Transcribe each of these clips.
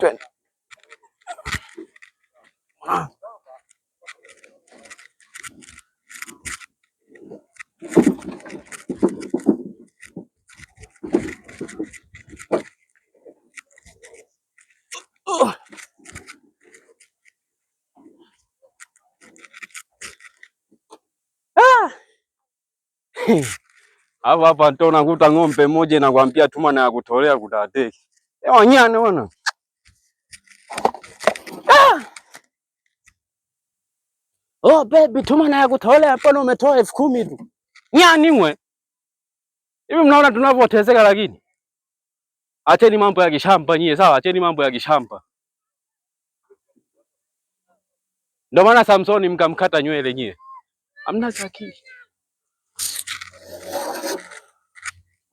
chuyện à. Hmm. Hapo hapa ndio unakuta ng'ombe moja inakwambia tuma na kutolea kutateki. Eh, wanyane wana. Ah! Oh baby, tuma na kutolea hapo na umetoa elfu kumi tu. Nyani mwe. Hivi mnaona tunavyoteseka lakini. Acheni mambo ya kishamba nyie, sawa? Acheni mambo ya kishamba. Ndio maana Samsoni mkamkata nywele nyie. Amna sakiki.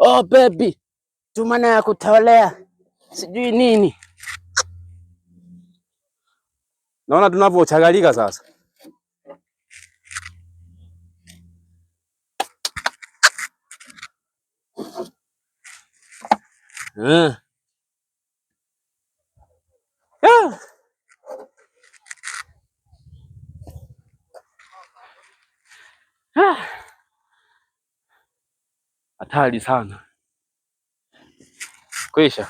Oh baby, tumana ya kutolea sijui nini. Naona tunavyochagalika sasa. Yeah. Ah. ah hatari sana. Kwisha.